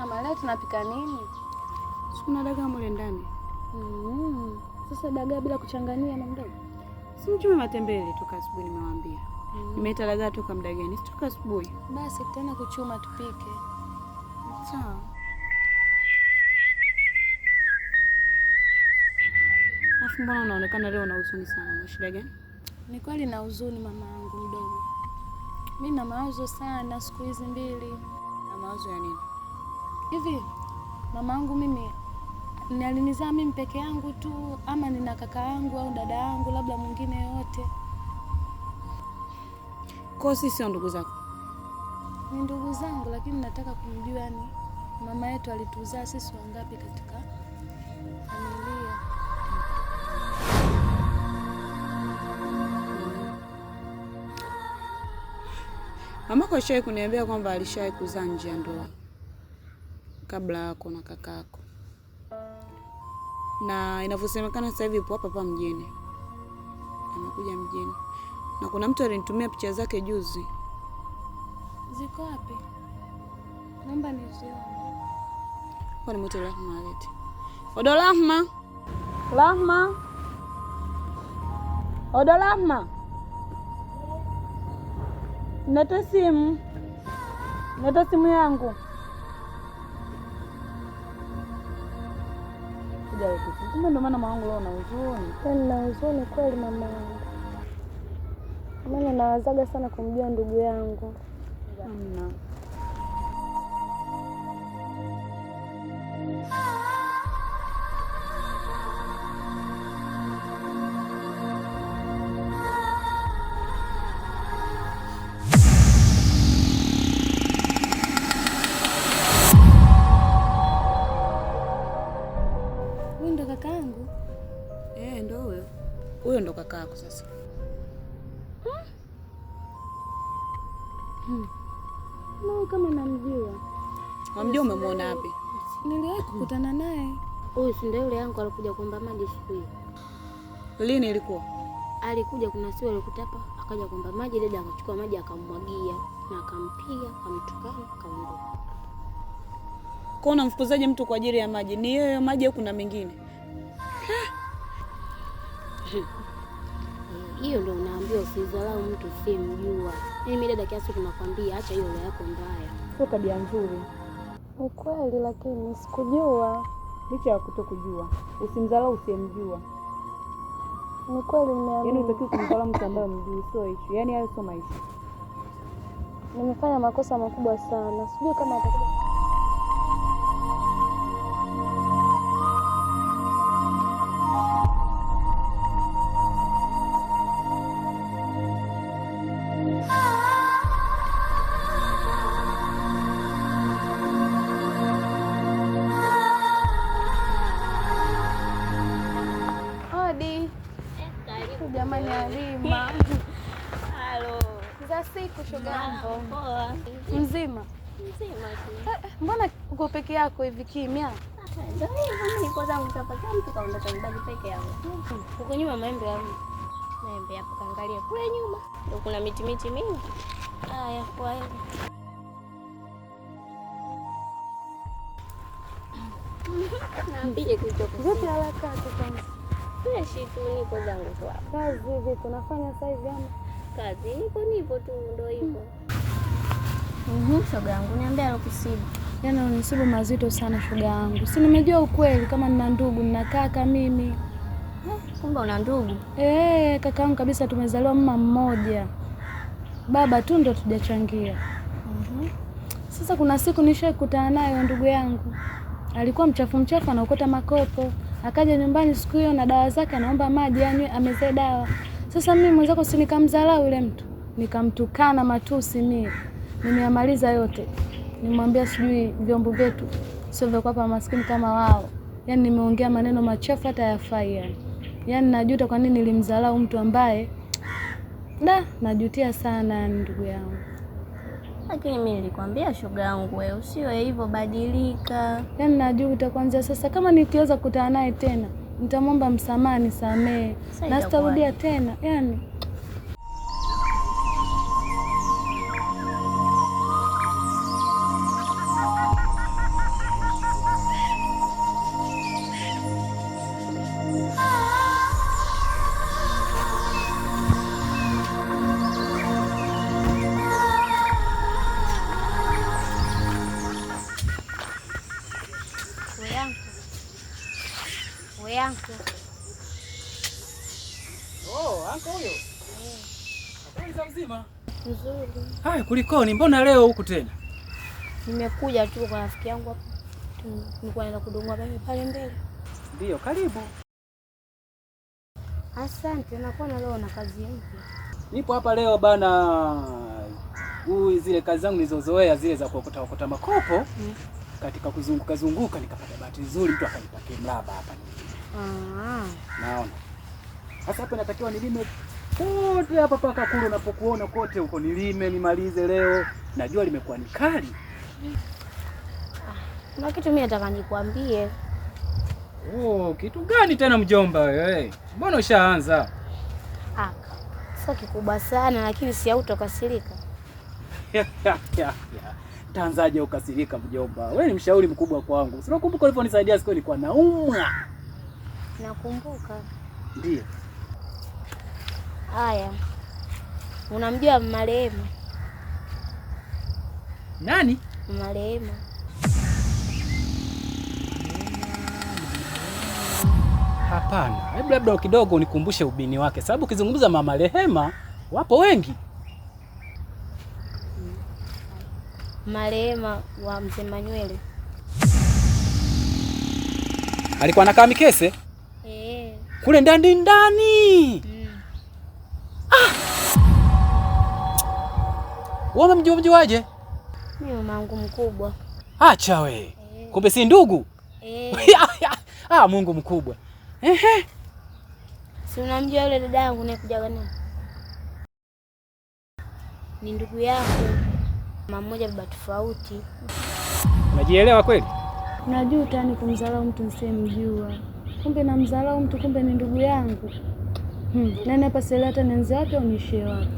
mama, leo tunapika nini? Sikuna dagaa mule ndani. Mm. Sasa dagaa bila kuchanganyia na mdogo. Si mchume matembele toka asubuhi nimewaambia. Mm. Mm-hmm. Nimeita dagaa toka muda gani? Si toka asubuhi. Basi tena kuchuma tupike. Sawa. Afu mbona unaonekana leo una huzuni sana? Una shida gani? Ni kweli na huzuni mama yangu mdogo. Mimi na mawazo sana siku hizi mbili. Na mawazo ya nini? Hivi mama yangu mimi nalinizaa mimi peke yangu tu ama nina kaka yangu au dada yangu labda mwingine yote? Kwa sisi sio ndugu zako? Ni ndugu zangu, lakini nataka kumjua yani mama yetu alituzaa sisi wangapi katika familia. Mamako alishawahi kuniambia kwamba alishawahi kuzaa nje ya ndoa kabla yako na kaka yako, na inavyosemekana sasa hivi ipo hapa hapa mjini, anakuja mjini, na kuna mtu alinitumia picha zake juzi. Ziko wapi? Naomba nizione. Kwani mwite Rahma alete. Odo Rahma. Rahma. Odo Rahma. Nata simu. Nata simu yangu. shida ya kitu. Kumbe ndio maana mwanangu leo una huzuni. Nina huzuni kweli mama yangu. Maana nawazaga sana kumjua ndugu yangu. Hamna. ndo yako sasa. Hmm? Hmm. kama namjua. Wamjua, umemwona wapi? Niliwahi kukutana naye. Huyu si ndio yule yangu alikuja kuomba maji siku hiyo? Lini ilikuwa? Alikuja kuna siku alikuta hapa, akaja kuomba maji, dada akachukua maji akamwagia na akampiga, akamtukana, akaondoka. Kwa unamfukuzaje mtu kwa ajili ya maji? Ni yeye maji au kuna mengine? hiyo ndio unaambiwa, usizalau mtu simjua. Yaani mimi dada kiasi tunakwambia, acha hiyo roho yako mbaya, sio tabia nzuri. Ni kweli, lakini sikujua. Licha ya kutokujua, usimzalau usimjua. Ni kweli, nimeamini. Yaani utakiwa kumdharau mtu ambaye mjui, sio hicho. Yaani hayo sio maisha. Nimefanya makosa makubwa sana, sijui kama atakuja jamani, Halima. Halo. Za siku shogambo. Poa. Mzima? Mzima tu. Eh, eh, mbona uko peke yako hivi kimya? Ndio eh, Huko nyuma maembe Maembe hapo kaangalia kule nyuma. Ndio kuna miti miti mingi. Haya, kwa hiyo. haraka kwanza? freshi tu, niko zangu tu hapa. kazi. Vipi unafanya sasa hivi ama kazi? Niko nipo tu, ndo hivyo. Mhm, shoga yangu niambia alokusibu. Yaani unisibu mazito sana shoga yangu, si nimejua ukweli kama nina ndugu nina kaka mimi. Eh, kumbe una ndugu eh? Kaka yangu kabisa, tumezaliwa mama mmoja, baba tu ndo tujachangia. Mhm. Sasa kuna siku nishakutana naye ndugu yangu, alikuwa mchafu mchafu, anaokota makopo Akaja nyumbani siku hiyo na dawa zake, anaomba maji anywe, amezee dawa. Sasa mimi mwenzako, si nikamdharau yule mtu, nikamtukana matusi, Mimi nimeamaliza yote, nimwambia sijui vyombo vyetu sio vya kuwapa maskini kama wao. Yani nimeongea maneno machafu hata yafai yani. Yani najuta kwa nini nilimdharau mtu ambaye da, najutia sana ndugu yangu. Lakini mimi nilikwambia shoga yangu, wewe usiwe hivyo, badilika. Yaani najuta kuanzia sasa, kama nikiweza kutana naye tena nitamwomba msamaha, nisamehe na sitarudia tena yani wako huyo? Mzima. nzuri Haya, kulikoni? Mbona leo huku tena? Nimekuja tu kwa rafiki yangu hapo. Nilikuwa naenda kudongwa pale pale mbele. Ndio, karibu. Asante, nakuwa na leo na kazi mpya. Nipo hapa leo bana. Huu zile kazi zangu nilizozoea zile za kuokota okota makopo. mm. Katika kuzunguka zunguka nikapata bahati nzuri mtu akanipa mraba hapa. Ah. Naona. Sasa hapa natakiwa nilime kote hapa paka kule unapokuona kote huko nilime nimalize leo. Najua limekuwa ni kali. Ah, kuna kitu mimi nataka nikwambie. Oh, kitu gani tena mjomba wewe? Mbona ushaanza? Ah, Sio kikubwa sana lakini si hautokasirika. Tanzaje ukasirika mjomba? Wewe ni mshauri mkubwa kwangu. kumbuka ulivyonisaidia siku ilikuwa naumwa. Nakumbuka. Ndiyo. Haya, unamjua marehemu nani? Marehemu hapana. Hebu labda kidogo unikumbushe ubini wake, sababu ukizungumza mama Rehema wapo wengi. Marehema wa mzee Manywele alikuwa anakaa Mikese ee. kule ndani ndani Ah! Wewe mjua aje? Mimi mama yangu mkubwa. Acha we. Eh. Kumbe si ndugu? Eh. Ah, Mungu mkubwa. Ehe. Si unamjua yule dada yangu naye kujaga naye? Ni ndugu yako. Mama mmoja baba tofauti. Unajielewa kweli? Najua ni kumdharau mtu msiyemjua. Kumbe namdharau mtu kumbe ni ndugu yangu. Hmm. Nani hapa hata nianze wapi au niishie wapi?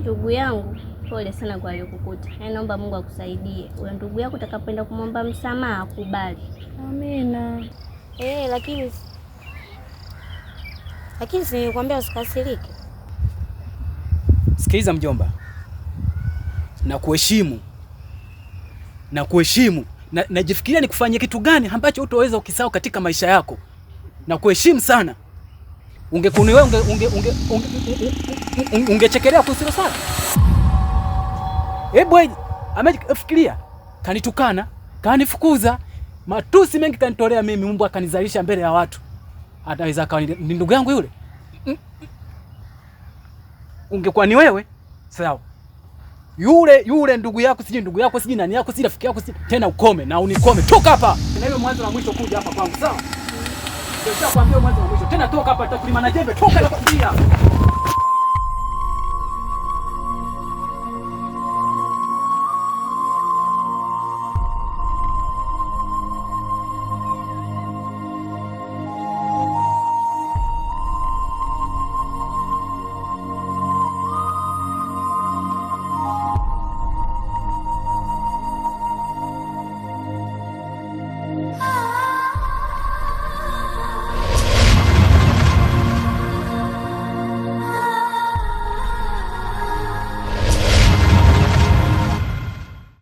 Ndugu hmm, yangu pole sana kwa aliyokukuta. kukuta yaani naomba Mungu akusaidie. Wewe ndugu yako utakapoenda kumwomba msamaha akubali. Amina. Eh, lakini lakini si nikwambia usikasirike. Sikiliza mjomba. Na kuheshimu. Na kuheshimu. Na ni kufanya kitu gani ambacho hutaweza ukisahau katika maisha yako. Na kuheshimu sana. Ungekuni wewe unge unge ungechekelea unge, unge, kusilo sana. Hebu amefikiria kanitukana, kanifukuza, matusi mengi kanitolea mimi, mbwa kanizalisha mbele ya watu. Ataweza akawa ni ndugu yangu yule? Ungekuwa ni wewe, sawa. Yule yule ndugu yako sijui ndugu yako sijui nani yako sijui rafiki yako sijui tena, ukome na unikome. Toka hapa. Tena hiyo mwanzo na mwisho kuja hapa kwangu, sawa? Nishakwambia mwanzo mwisho. Tena toka hapa, tutakulima na jembe. Toka na kulia.